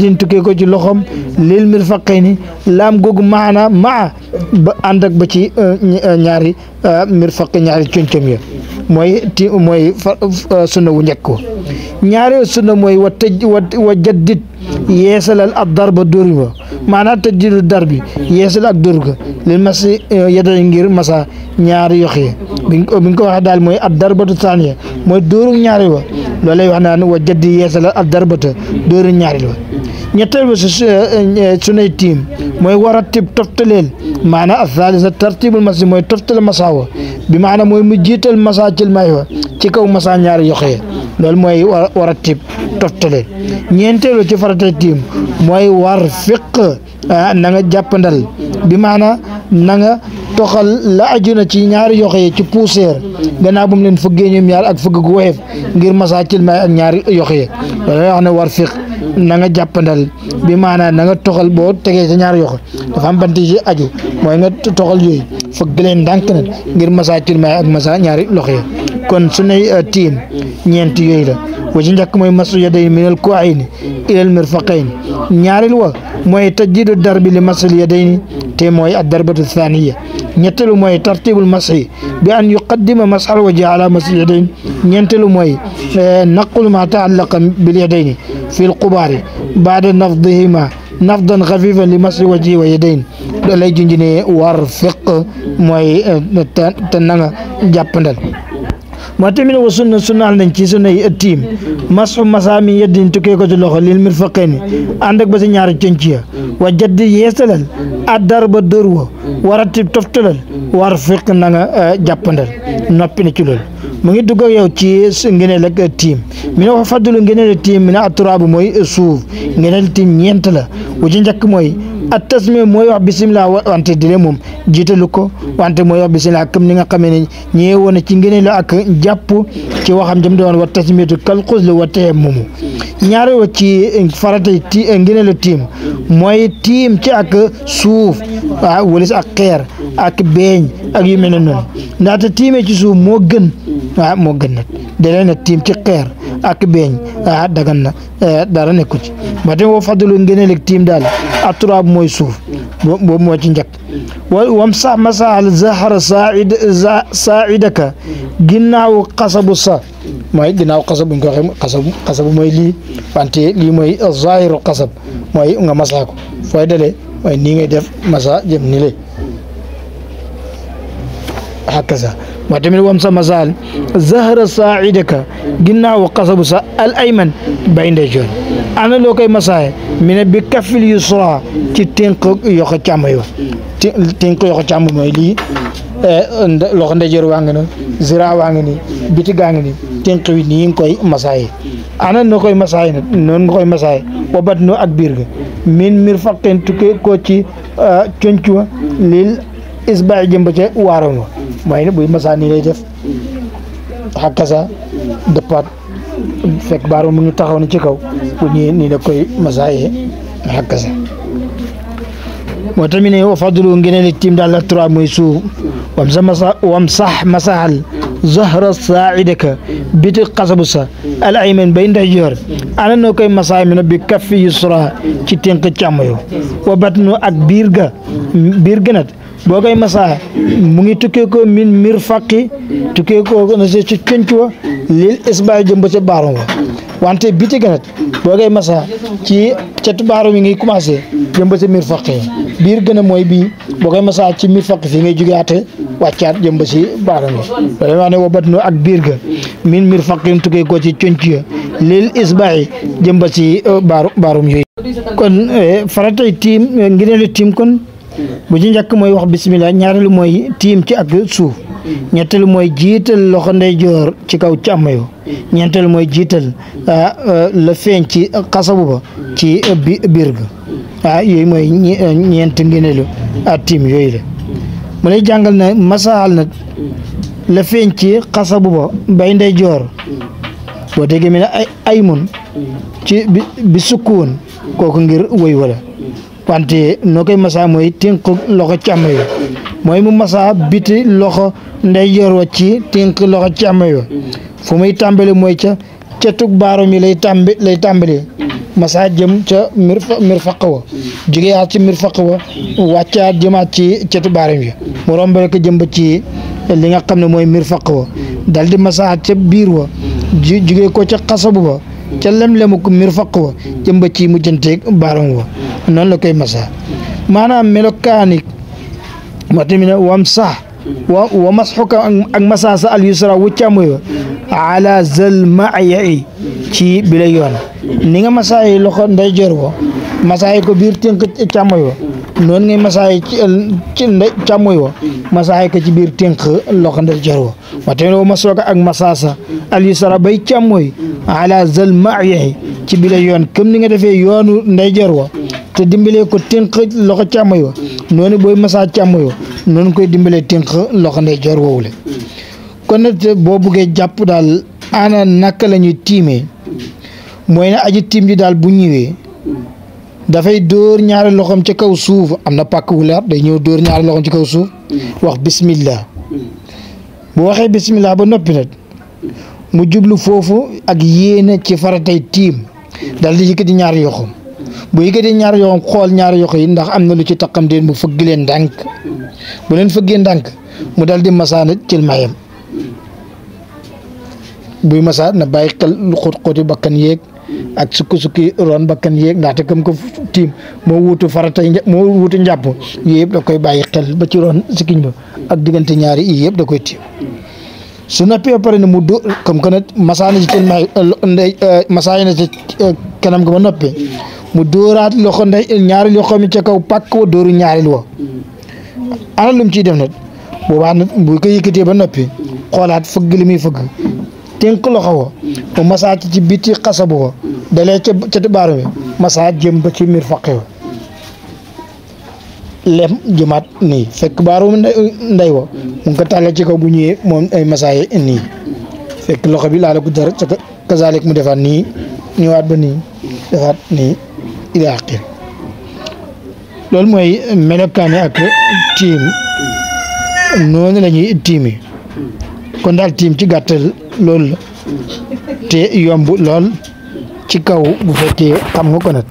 S1: ko ci loxom lil mil faqayni laam googu maana maa ba ànd ba ci euh, euh, ñaari euh, mil faq ñaari coñcam ya mooy ti wu njëkk wa ñaareel sunna mooy wa tëj wa wa jaddit yeesalal ab darba dóor wa maanaam tajdidu dar bi yeesal ak dóor ga lil mas eh, yaday ngir masa ñaari yox yi bi nga ko waxee daal mooy ab darbatu saaniya mooy dóoru ñaari wa loolu lay wax naan wa jaddi yeesalal ab darbata dóoru ñaari wa ñetteel ba su eh, eh, sunay tiim mooy waratib toftaleel maanaam athaalisa tartibul masi mooy toftal masa wa bi maanaam mooy mu jiital masa cil may wa ci kaw masa ñaari yox yi loolu mooy war a tiib toftale ñeenteelu ci farata tiim mooy war fiq ah, na nga jàppandal bi maana na nga toxal la aju ci ñaari yoxe yi ci poussière gannaaw bu leen fëggee ñoom ñaar ak fëgg gu woyeef ngir masaa cilmaay ak ñaar yoxe ye loolu wax ne war fiq na nga jàppandal bi maanaam na nga toxal boo tegee sa ñaar yoxo dafa am bant yi aju mooy nga toxal yooyu fëgg leen ndànk ngir masa cilmaay ak masa ñaari loxo ya kon su nay euh, tiim ñeent yooy la wa ci njëkk mooy masu yaday minal kuwayni ilal mirfaqayni ñaaril wa mooy tajdiidu darbi li masul yadayni te mooy ad darbatu thaniya نتلو ماي ترتيب المسيح بأن يقدم مسح الوجه على مسح اليدين نتلو ماي نقل ما تعلق باليدين في القبار بعد نفضهما نفضا خفيفا لمسح وجهه ويدين لا يجنجني وارفق ماي تنانا جابندل mi معتمد وسنة سنة عندن كي سنة التيم مسح مسامي يدين تكي كو لوخو ليل مرفقين عندك بس ñaar ciënciya wa jadd yeesalal dar ba dër wa waratib toftalal war fiq na nga eh, jàppandal noppi na ci loolu mu ngi dugg ak yow ci ngeneel ak tiim mi ne wax fadlu ngeneel tiim mi ne atturaabu mooy suuf ngeneel tiim ñeent la wu ci njëkk mooy ak tasmiya mooy wax bisimilah wante dile moom jiitalu ko wante mooy wax bisimilah comme ni nga xamee ne ñee woon ci ngëneel la ak jàpp ci waxam jëm doon wa tasmiyatu kal xusli wa tayammumu ñaare wa ci farata ti ngëneel la tiim mooy tiim ci ak suuf ah walis ak xeer ak beeñ ak yu mel ne noonu ndaxte tiimee ci suuf moo gën waaw moo gën nag dalee na tiim ci xeer ak beeñ ah dagan na eh, nekku ci ba tey woo fadlu ngëneeleg tiim daal aturaab mooy suuf boobu moo ci njëkk wam sax masaxal zahara saaid saaidaka ginnaaw xasabu sa mooy ginnaaw xasab buñ ko waxee xasabu xasabu mooy lii wante lii mooy zahiru xasab mooy nga masaa ko fooy mooy nii ngay def masa jëm ni le hakaza وتمن وامسا مسال زهر ساعدك جنا وقصب الايمن بين الجون انا لو كاي مساي من بكف اليسرى تي تنك يوخو تاميو تنك يوخو تامو موي لي loxo ndeyjoor waa ngi noonu zira waa ngi nii biti gaa ngi nii tënk wi nii nga koy masaay ana noo koy masaay nag noonu nga koy masaay wabat noo ak biir ga min mir faqin tukkee ko ci eh, concu lil isbaax jëmb ca waaroon wa mooy ne buy masaa nii lay def xakkasa dëppaat fekk baaroon mu ngi taxaw ci kaw bu ñëwee nii la koy masaayee xakkasa moo tamit ne wa fadlu ngeen ne tiim daal la trois muy suuf wam sa masa wam sax masaxal zahra saaidaka biti xasabu sa al ayman bay ndax joor ana noo koy masaay mi na bi kaffi yusra ci tënk càmm yo wa batnu ak biir ga biir gënat boo koy masaa mu ngi tukkee ko min mir fàqi tukkee ko na se ci conc wa lil isbaay jëm ba ca baarom wa wante bi ci gënat boo koy masaa ci cet baarom yi ngi commencé jëm ba ca mir fàqi biir gën mooy bii boo koy masaa ci mir fàqi fii ngay jógeate wàccaat jëm ba si baarom wa loolu wax ne wabat nu ak biir ga min mir fàqi tukkee ko ci conc ya lil isbaay jëm ba si euh, baaru baarum yooyu kon euh, faratay tiim ngir ne tiim kon bu ci njëkk mooy wax bisimilah ñaareelu mooy tiim ci ak suuf ñetteelu mooy jiital loxo ndeyjoor ci kaw càmmoñ ñeenteelu mooy jiital ah, euh, la feeñ ci xasabu ba ci bi biir ga ah, yooyu mooy ñeent ngeenelu a ah, tiim yooyu la mu lay jàngal na masaal nag la feeñ ci xasabu ba bay ndeyjoor boo déggee mi ne ay ci bi sukkuwoon kooku ngir woy wala wante noo koy masa mooy tënk loxo càmmoñ wa mooy mu masa biti loxo ndeyjoor wa ci tënk loxo càmmoñ wa fu muy tàmbali mooy ca cetug baaroom yi lay tàmbi lay tàmbali masa jëm ca mir wa jógeyaat ci mir wa wàccaat jëmaat ci cetu baaroom yi mu rombale ko jëm ci li nga xam ne mooy mir faq wa dal di ca biir wa jógee ko ca xasabu ba ca lem-lemu mir wa jëm ba ci mujjanteeg baaroom wa noonu la koy masa maanaam melokaani wa tamit wam sax wa wa masxuka ak masa sa al yusra wu càmmoyo ala zal maaya i ci bi yoon ni nga masayi loxo nday jor bo masayi ko biir tënk càmmoyo noonu ngay masayi ci nday càmmoyo masayi ko ci biir tënk loxo nday jor bo wa tamit wa masxuka ak masa sa al yusra bay càmmoy ala zal maaya i ci bi la yoon comme ni nga yoonu nday jor wa te dimbalee ko tënk loxo càmm yo mm. noonu booy masaa càmm yo noonu koy dimbalee tënk loxo ndeyjoor woowule mm. kon nag boo buggee jàpp daal ana naka la ñuy tiimee mm. mooy ne aji tiim ji daal bu ñëwee dafay dóor ñaari loxoom ci kaw suuf am na pàkk wu day ñëw dóor ñaari loxoom ci kaw suuf wax bismillah bu waxee bismillah ba noppi nag mu jublu foofu ak yéene ci faratay tiim daal di yëkkati ñaar yoxoom bu yëkkatee ñaar yoxam xool ñaar yoxo yi ndax am na lu ci taqam déen bu fëgg leen ndànk bu leen fëggee ndànk mu dal di masaana cilmaayam buy masa na bàyyi xel xóot xóoti bakkan yeeg ak sukki-sukki bakkan yeeg ndaxte comme que tiim moo wuutu farata moo wuutu njàpp yii yëpp da koy bàyyi xel ba ci roon sikkiñ ba ak diggante ñaari yëpp da koy tiim su nappee ba pare ne mu dóor comme que nag masaa na ci cëlmaay na ci kanam ga ba noppee mu dóoraat loxo ndey ñaari loxo ca kaw pàkk wa dóoru ñaaril wa ana lu mu ciy def nag boobaa nag bu ko yëkkatee ba noppi xoolaat fëgg li muy fëgg tënk loxo wa mu masaa ci ci biti masaa jëm ba ci mir faqi wa lem jëmaat nii fekk baaru ndey wa bu ñëwee moom ay masaa loxo bi laala ko dara ca kazalik mu defaat nii ñëwaat ba nii defaat nii ila mooy melokaane ak tiim noonu la tiimi kon daal tiim ci gàttal loolu te yomb lool ci kaw bu fekkee xam nga ko nag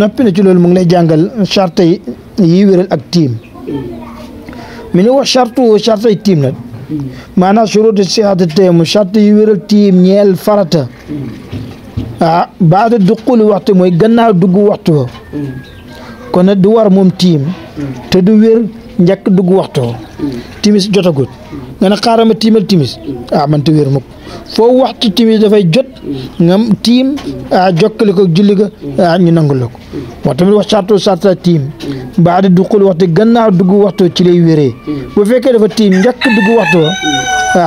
S1: noppi na ci lool mu ngi lay jàngal charte yi wéral ak tiim mi ni wax charte charte yi tiim nag maanaam suruuti sihaati teemu charte yi wéral tiim ñeel farata ah baada duquli waxtu mooy gannaaw dugg waxtu wa kon nag du war moom tiim te du wér njëkk dugg waxtu mm. timis jotagut mm. nga ne xaaral ma tiimal timis ah man te wér mukk foo waxtu timis dafay jot nga tiim ah jokkale ko julli ga ah, ñu nangul la ko moo tamit wax sartoo sarta tiim baa di duqul waxtu gannaaw dugg waxtu ci lay wéree bu fekkee dafa tiim njëkk dugg waxtu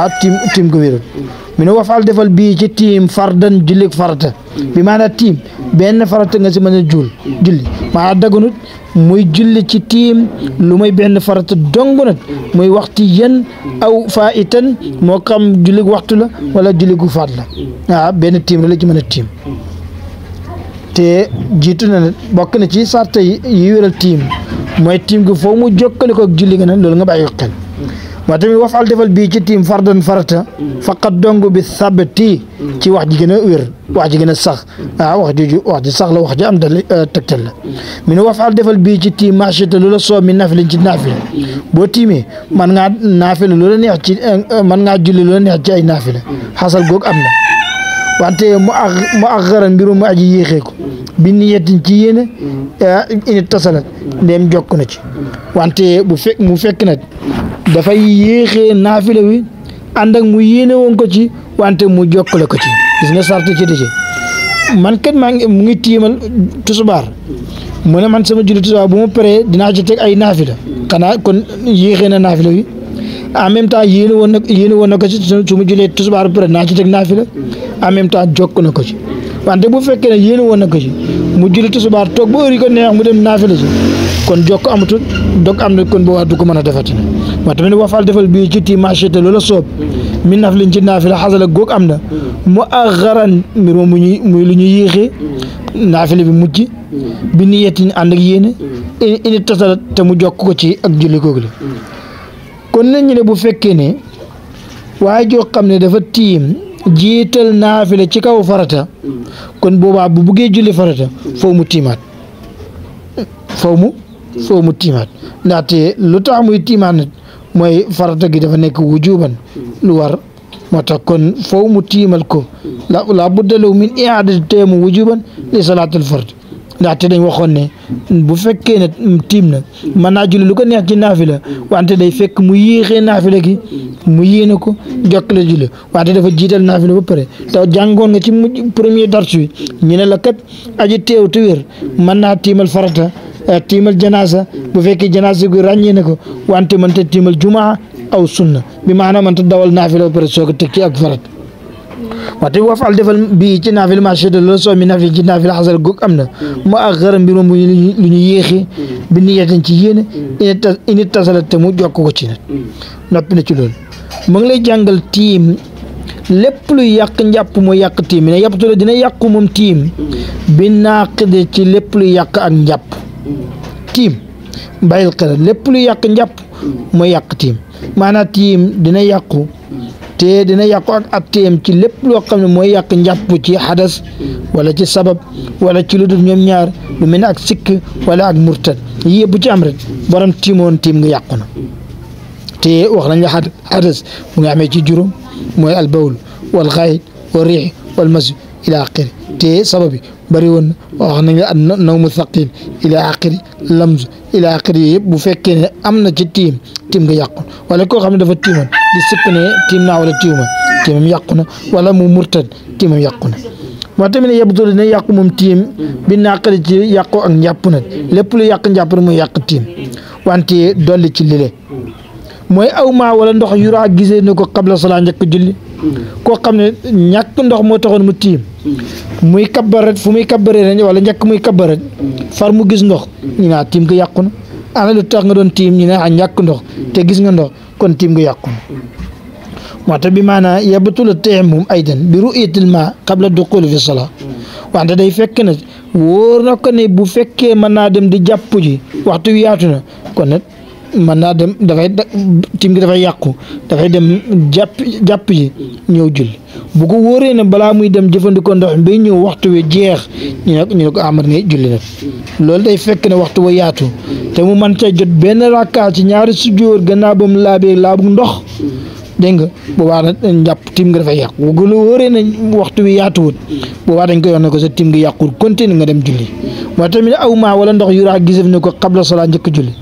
S1: ah tiim tiim ko wérul mi ne wafaal defal bii ci tiim fardan julli farata bi maanaam tiim benn farata nga si mën a juul julli maanaam dagunut muy julli ci tiim lu muy benn farata dong nag muy waxti yan aw faitan moo xam julli waxtu la wala julli gu faat la waaw benn tiim la ci mën a na bokk na ci sarta yi wéral tiim mooy tiim gi foo mu jokkale julli nga ne loolu nga bàyyi xel waaye tamit wafal defal bii ci tiim fardan farata faqat dong bi sabati ci wax ji gën a wér wax ji gën a sax ah wax ji wax ji sax la wax ji am dal tegtal la mi ne wafal defal bii ci tiim machita lu la soob mi naafila ci naafila boo tiimee man ngaa naafila lu la neex ci man ngaa julli lu la neex ci ay naafila xasal goog am na wante mu a mu axaran mbiru mu aji yéexee ko bi niyetin ci yéene ini tasalat ndeem jokk na ci wante bu fekk mu fekk nag dafay yéexee naafila wi ànd ak mu yéene woon ko ci wante mu jokkale ko ci gis nga sarte ci dëje man kat maa ngi mu ngi tiimal tusubaar mu ne man sama julli tusubaar bu ma paree dinaa ci teg ay naafila xanaa kon yéexee na naafila wi en même temps yéene woon na yéene woon na ko ci su ma jullee tusubaar bu paree dinaa ci teg naafila en même temps jokk na ko ci wante bu fekkee ne yéene woon na ko ci mu julli tusubaar toog ba heure yi ko neex mu dem naafila ci kon jokk amatul dog am na kon boo waa du ko mën a defati wa tamit wafal defal bii ci ti machete loola soob mm-hmm. min naf liñ ci naafila xasala góog am na mm-hmm. mu axaran mbir moom mu ñuy lu ñu yéexee mm-hmm. naafila bi mujj bi niyetin ànd ak yéene ini tasala te mu jokk ko ci ak julli googu la kon nañu ne bu fekkee ne waaye joo xam ne dafa tiim jiital naafila ci kaw farata kon booba bu buggee julli farata foo mu tiimaat foo mu foo mu tiimaat ndaxte lu tax muy tiimaat mooy farata gi dafa nekk wujuban lu war moo tax kon foo mu tiimal ko la la budda lahu min iadati tayammum wujuban li salaatul fard ndaxte dañ waxoon ne bu fekkee ne tiim na mën naa julli lu ko neex ci naafila wante day fekk mu yéexee naafila gi mu yéene ko jokkale julli wante dafa jiital naafila ba pare te jàngoon nga ci premier darsu bi ñu ne la kat aji teew te wér mën naa tiimal farata Eh, tiimal janaasa bu fekk janaasa gi ràññee na ko wante mënta tiimal jumaa aw sunna bi maanaam mënta dawal naafila ba pare soog a ci ak farat waxte waf al defal bii ci naafil marché de loolu soo mi nafi ci naafil xasal goog am na mu ak xëram mbir moom bu lu ñu yéexi bi niyeeten ci yéene ini tasala te mu jokk ko ci nag noppi ci loolu mu ngi lay jàngal tiim lépp lu yàq njàpp mooy yàq tiim ne yàpp di dina yàqu moom tiim bi naaqide ci lépp lu yàq ak njàpp tiim bàyyil xel lépp lu yàq njàpp mooy yàq tiim maanaam tiim dina yàqu te dina yàqu ak atteem ci lépp loo xam ne mooy yàq njàpp ci xadas wala ci sabab wala ci lu dul ñoom ñaar lu mel ne ak sikk wala ak murtad yi bu ci am rek borom tiimoon tiim nga yàqu na te wax nañ la xadas bu nga amee ci juróom mooy albawl wal xayit wal riix wal mas ila axiri te sabab bëri woon na wax nañ la an naw mu saqil ila aqiri lamz ila aqiri yëpp bu fekkee ne am na ci tiim tiim nga yàqu wala koo xam ne dafa tiimoon di sëpp ne tiim naa wala tiimam tiimam yàqu na wala mu murtad tiimam yàqu na moo tamit ne yebtul ne yàqu moom tiim bi naqari ci yàqu ak njàpp na lépp lu yàq njàpp na muy yàq tiim wante dolli ci lile mooy aw maa wala ndox yuraa gisee na ko qabla salaa njëkk julli koo xam ne ñàkk ndox moo taxoon mu tiim muy kabbarat fu muy kabbaree nañ wala njëkk muy kabbarat far mu gis ndox ñu naa tiim nga yàqu na ana lu tax nga doon tiim ñu ne a ah ñàkk ndox te gis nga ndox kon tiim nga yàqu na moo tax bi maanaa yabatula ay aydan bi ru'yatil ma qabla duqul fi salaa wante day fekk na wóor na ko ne bu fekkee mën naa dem di jàpp ji waxtu wi yaatu na kon nag man naa dem dafay tiim gi dafay yàqu dafay dem jàpp jàpp yi ñëw julli bu ko wóoree na balaa muy dem jëfandikoo ndox mi ñëw waxtu wi jeex ñu ko amat ngay julli nag loolu day fekk ne waxtu wa yaatu te mu mën cee jot benn rakkaa ci ñaari sujjóor gannaaw ba mu laabee laabu ndox dégg nga boobaa nag njàpp tiim gi dafay yàqu bu ko wóoree ne waxtu wi yaatuwut boobaa dañ koy wax na ko sa tim gi yàqul continue nga dem julli waaye tamit aw maa wala ndox yu rax gisef ne ko xabla sola njëkk julli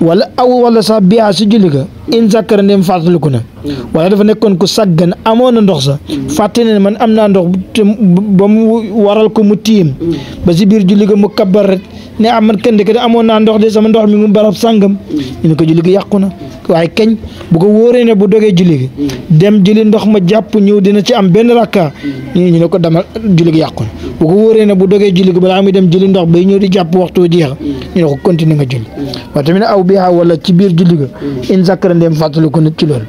S1: wala aw wala sax biyaa si julli ga in zakkara ndem fàttaliku na mm. wala dafa nekkoon ku sàggan amoon na ndox sa mm. fàtte ne man am naa ndox te ba waral ko mu tiim mm. ba si biir julli ga mu kabbar rek ne am ah, man kenn de que amoon naa ndox de sama ndox mi mu barab sàngam mm. ñu ne ko julli gi yàqu na waaye keñ bu ko wóoree ne bu dogee julli gi mm. dem julli ndox ma jàpp ñëw dina ci am benn rakka mm. ñu ne ko dama julli gi na bu ko wóoree ne bu dogee julli gi balaa muy dem julli ndox bay ñëw di jàpp waxtu jeex ñu ne ko continuer nga julli waaye tamit aw bi xaw wala ci biir julli ga in zakkara ndeem fàttali ko nit ci lool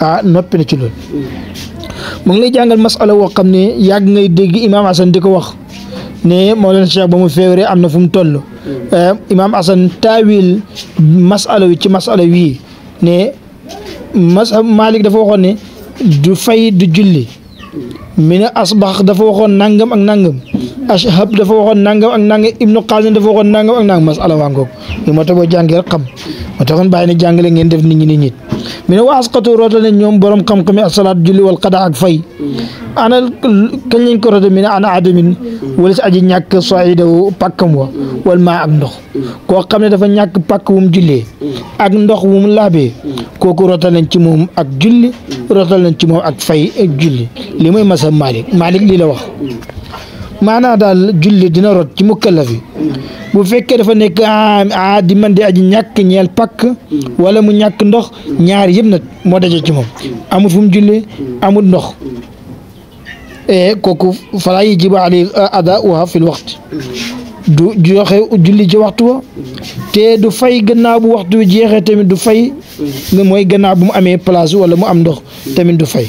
S1: ah noppi na ci lool mu nga lay jàngal masala woo xam ne yàgg ngay dégg imaam Hasan di ko wax ne Mawlana Cheikh ba mu feebaree am na fu mu toll eh, imaam Asan taawil masala wi ci masala wii ne masa Malik dafa waxoon ne du fay du julli mi ne asbax dafa waxoon nangam ak nangam ashhab dafa waxoon nangam ak nangam ibnu qasim dafa waxoon nangam ak nangam masala waa ngoog yu moo tax boo jàngee rek xam moo taxoon bàyyi ne jàngale ngeen def nit ñi nit ñi mi ne wax asqatu roote nañ ñoom borom xam a yi asalaat julli wal qada ak fay ana kañ lañ ko roote mi ne ana adamin wala si aji ñàkk soidawu pàkkam wa wal maa ak ndox koo xam ne dafa ñàkk pàkk wum jullee ak ndox wum laabee kooku rootal nañ ci ak julli rootal nañ ci ak fay julli li masa Malik Malik lii la wax maanaa daal julli dina rot ci mukallaf yi bu fekkee dafa nekk a ah, ah, di man di aji ñàkk ñeel pakk wala mu ñàkk ndox ñaar yëpp nag moo daje ci moom amul fu julli amul ndox e kooku falaa yajibu du waxtu wa te du fay gannaaw bu waxtu wi jeexee tamit du fay mooy gannaaw bu mu amee place wala mu am ndox tamit du fay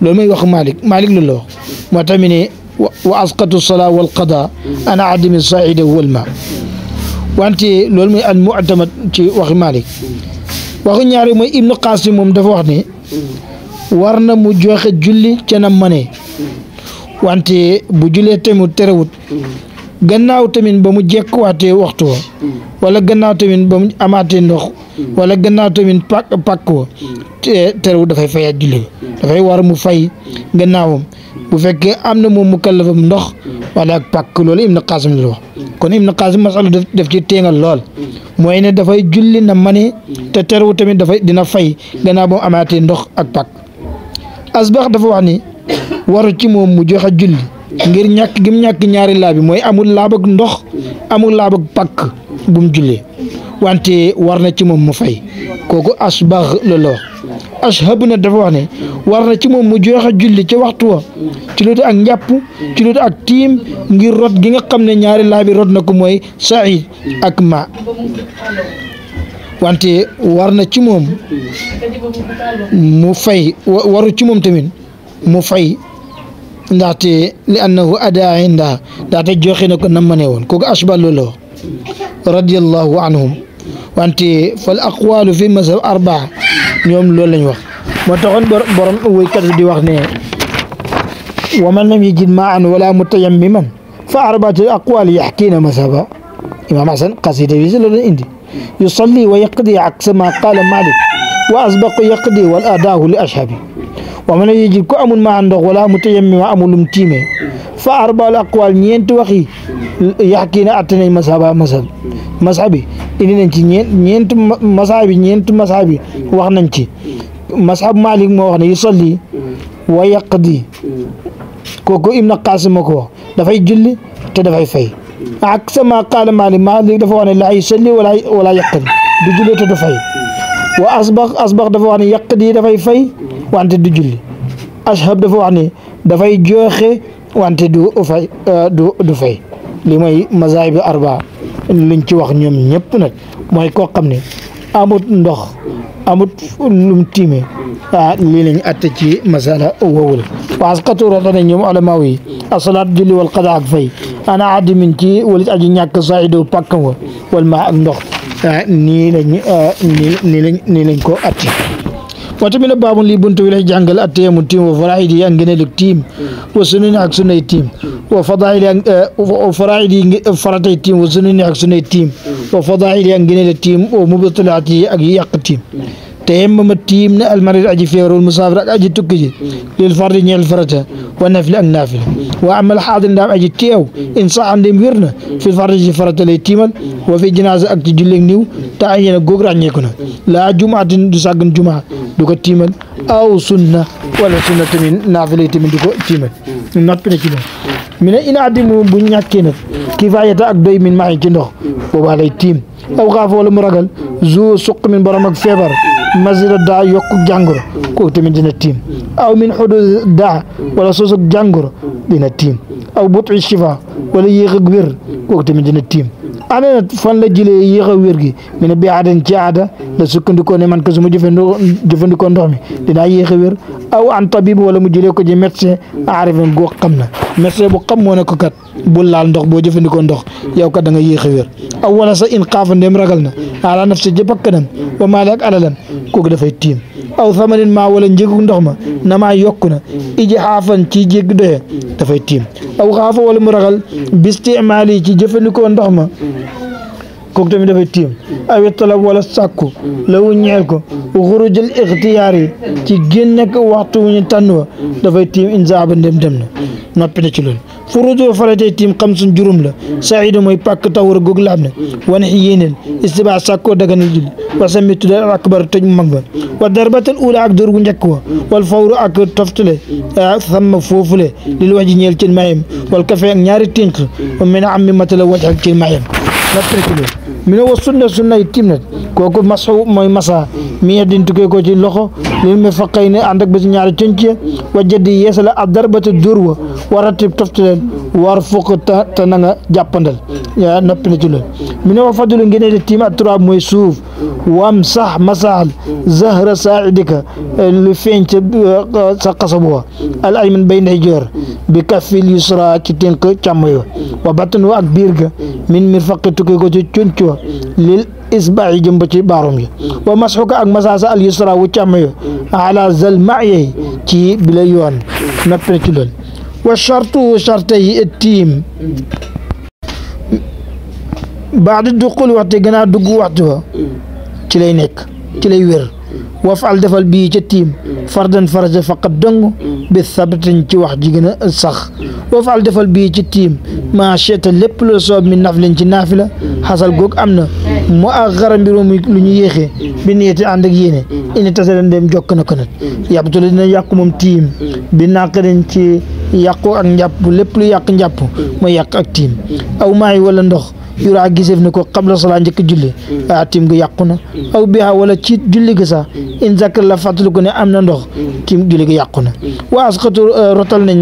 S1: loolu mooy wax Malick Malick loolu wax moo tamit ne وأسقط الصلاة والقضاء أنا عدم الصاعد والماء wante loolu mooy al mu'tamad ci waxi Malick waxu ñaari mooy Ibnu Qasim moom dafa wax ne war na mu joxe julli ca na manee wante bu jullee tamit terewut gannaaw tamit ba mu jekkuwaatee waxtu wa wala gannaaw tamit ba mu amaatee ndox wala gannaaw tamit pàkk wa terewut dafay fayaat julli dafay war mu fay gannaawam bu fekkee am na moom mu kallafam ndox wala ak pàkk loolu Ibn Qasim la wax kon Ibn Qasim masala def ci téengal lool mooy ne dafay julli na mane te terwu tamit dafa dina fay gannaaw boo amaatee ndox ak pàkk asbax dafa wax ni waru ci moom mu joxe julli ngir ñàkk gim ñàkk ñaari laa bi mooy amul laabag ndox amul laab ak pàkk bu mu jullee wante war na ci moom mu fay kooku asbagh la loo ashab na dafa wax ne war na ci moom mu joxe julli ca waxtu wa ci loolu ak njàpp ci loolu ak tiim ngir rot gi nga xam ne ñaari laabi rot na ko mooy said ak ma wante war na ci moom mu fay waru ci moom tamit mu fay ndaxte li annahu adaa inda ndaxte joxe na ko nam ma ne woon kooku ashba looloo radiyallahu anhum wanti fal aqwaalu fi mazhab arba ñom lool lañ wax mo taxon borom way bi di wax ne wa man lam yajid maan wala mutayammiman fa al aqwal yahkina mazhaba imam Hasan qasida bi zul indi yusalli wa yaqdi aksa ma qala malik wa asbaq yaqdi wal adahu li ashhabi wa man yajid ku amul maan ndox wala mutayammima amul lum tiime fa arbaal aqwaal ñeenti wax yi yahkina atani mazhaba mazhab masaa bi indi nañ ci ñeent ñeent masaa bi ñeent masaa bi wax nañ ci masaa bu Maalik moo wax ne yu solli wa yaqdi kooku Ibn Qaasim moo ko wax dafay julli te dafay fay ak sama qaala Maalik Maalik dafa wax ne la yusalli wala wala yaqdi du julli te du fay wa asbax asbax dafa wax ne yaqdi dafay fay wante du julli ashab dafa wax ne dafay jooxe wante du fay euh, du du fay li mooy mazaahib arba liñ ci wax ñoom ñëpp nag mooy koo xam ne amut ndox amut lum tiime a ah, lii lañ ci masala wowul parce que tuura dana ñoom alamaaw yi asalaat julli wal xada fay ana addi min walit aji ñàkk saido pàkkam wal maa ndox ah, nii lañ ah, nii lañ nii lañ ko atte wata mina baabun lii buntu wi lay jàngal attee mu wa faraidi ak lig tiim wa sunan ak sunay tiim وفضائل آه، وفرائل فرات التيم وسنن حسن التيم وفضائل أنجن التيم ومبطلات أجيق أجي فيرو المسافر أجي تكجي للفرد نيال فرجة والنفل النافل وأما أجي تيو إن صح في الفرج فرجة التيم وفي جنازة أكتي نيو يكون لا جمعة دساقن جمعة أو سنة ولا سنة من نافلة من دوك التيم نطبنا كده mi ne inaadi mu bu ñàkkee nag kifaayata ak doy min maxi ci ndox boobaa lay tiim aw xaaf wala mu ragal zo suq min borom feebar masira daa yokku jàngoro kooku tamit dina tiim aw min xudu daa wala soosog jàngoro dina tiim aw buti shifa wala yéex ak wér kooku tamit dina tiim ana fan la jilee yéex a wér gi mu ne bi aadan ci aada la sukkandikoo ne man ka su ma jëfandikoo jëfandikoo ndox mi dinaa yéex a wér aw an tabib wala mu jëlee ko ci médecin aarifam goo xam na médecin bu xam moo ne ko kat bu laal ndox boo jëfandikoo ndox yow kat da nga yéex a wér aw wala sa in xaafa ndem ragal na ala naf si jëpp ak kanam ba maa ak alalam kooku dafay tiim aw samanin ma wala njëgu ndox ma namaa yokk na mm-hmm. iji xaafan ci jégg doye mm-hmm. dafay tiim aw xaafa wala mu ragal mm-hmm. bistimaal yi ci jëfandikoo ndox ma kooku tamit dafay tiim awi talab wala sàkku lawu ñeel ko xurujal ixtiyaar ci génn waxtu wu ñu tànn wa dafay tiim insa ba ndem dem na noppi ci loolu furuutu faratey tiim xamsun juróom la mm. saahidu mooy pàkk tawar googu laab na mm. wane yéeneel mm. istibaa sàkkoo daganal julli wasa mi tuddal al akbar tëj mu mag ba wa darbatal uula ak dóor gu njëkk wa wal fawru ak toftale samma ah, foofule lil wax ji ñeel cil wal kafe ak ñaari tinq min am mi matala waj ak cil na trekilo mi ne wa sunna sunna yi kooku masu mooy masa mi yeddin tukkee ko ci loxo li mu faqay ne ànd ba si ñaari wa jëddi yeesa la ab dara ba wa war a tib tofti war fukk te te na nga jàppandal yaa noppi na ci mi ne wa fadulu ngi ne di tiim turaab mooy suuf wam sax masaxal zahra saaidika lu feeñ euh, sa xasabu wa al ayman bay ndey joor bi kafil yusra ci tënk càmmoyo وبطنه أك بيرجا من مرفقة تكوجي تنتوا للإصبع جنب شيء بارمي ومسحوك أك مساسة اليسرى وتشامي على زل معي كي بليون نبتلون والشرط شرطي التيم بعد الدخول وقت جنا دقو وقتها تلينك تلير وفعل دفل بي تيم فردا فرج فقط دنو بالثبت انت واحد جنا الصخ boo faal defal bii ci tiim maa cheta lépp loo soob mi naf leen ci naafila xasal goog am na mu ak xara mbirum lu ñu yéexee bi nieti ànd ak yéene ini tase leen dem jokk na kanat yàptula dina yàqu moom tiim bi naqarin ci yàqu ak njàpp lépp lu yàq njàpp mooy yàq ak tiim aw maay wala ndox yuraa giseef na ko qabla salaa njëkk julli mm. a ah, tim gi yàqu na mm. aw biha wala ci julli gi mm. in zakar la fàttali ko ne am na ndox tim julli gi yàqu na wa asqatu eh, rotal a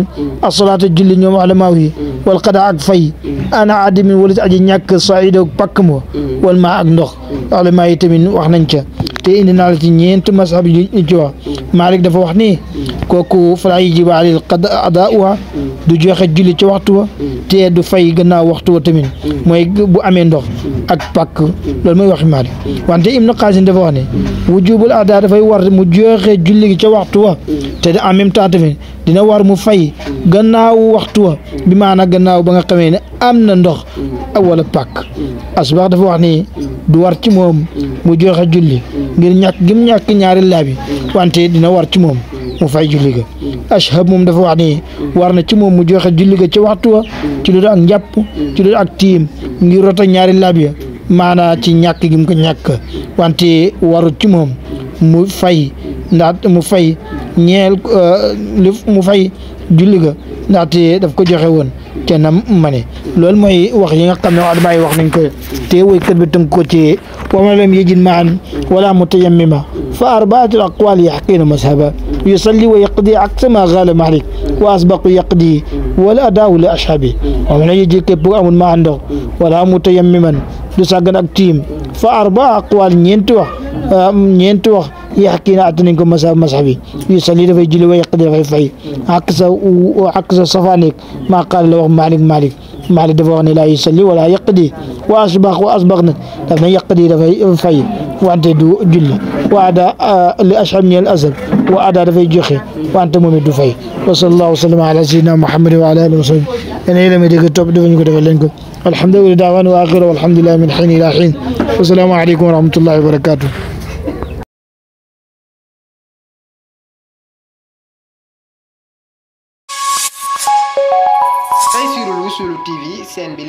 S1: asalaata julli ñoom alamaa yi wal qadaa ak fay ana adamin walit aji ñàkk saida pàkk ma wal maa ak ndox alamaa yi tamit wax nañ ca te indi naa la ci ñeenti masab yi ci wax Malik dafa wax ni kooku falaa yajibu alil qadaa'uha du joxe julli ca waxtu wa mm. te du fay gannaaw waxtu wa tamit mm. mooy bu amee ndox mm. ak pàkk loolu mooy waxi Maalik wante Ibnu Qaasim dafa wax ne wujubul adaa dafay war mu joxe julli ca waxtu wa te en même temps tamit dina war mu fay gannaaw waxtu wa bi maanaam ba nga xamee ne am na ndox wala pàkk asbax dafa wax ni du war ci moom mu joxe julli ngir ñàkk gim ñàkk ñaari laabi wante dina war ci moom mu fay julli ga ashhab moom dafa wax ni war na ci moom mu joxe julli ga ci waxtu wa ci lu ak njàpp ci lu ak tiim ngir rota ñaari laab ya maanaa ci ñàkk gi mu ko ñàkk wante waru ci moom mu fay ndax mu fay ñeel euh, mu fay julli ga ndaxte daf ko joxe woon te nam ma ne loolu mooy wax yi nga xam ne adamaa yi wax nañ ko te woykat bi tënk ci wa ma lam yajid maan wala mutayammima fa arbaatul aqwaal yahqiinu mazhaba يصلي ويقضي عكس ما قال محرك وأسبق يقضي ولا أداء لأصحابه ومن يجي كبو أمن ما عنده ولا متيمما دساغن أكتيم فأربع أقوال نينتو نينتو يحكي نعتني مساب مسحبي يصلي له يجي ويقضي ويفعي عكس وعكس صفانك ما قال له مالك مالك مالك دفعني لا يصلي ولا يقضي وأسبق وأسبقنا لما يقضي له ويفعي وانت وعددو جلي وعدا لأشعر من الأزل وعدا دفعي جخي وانت مومي دفعي وصلى الله وسلم على سيدنا محمد وعلى آله وسلم إن إلمي ديك التوب دفعي نكتب الحمد لله دعوان وآخر والحمد لله من حين إلى حين والسلام عليكم ورحمة الله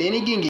S2: وبركاته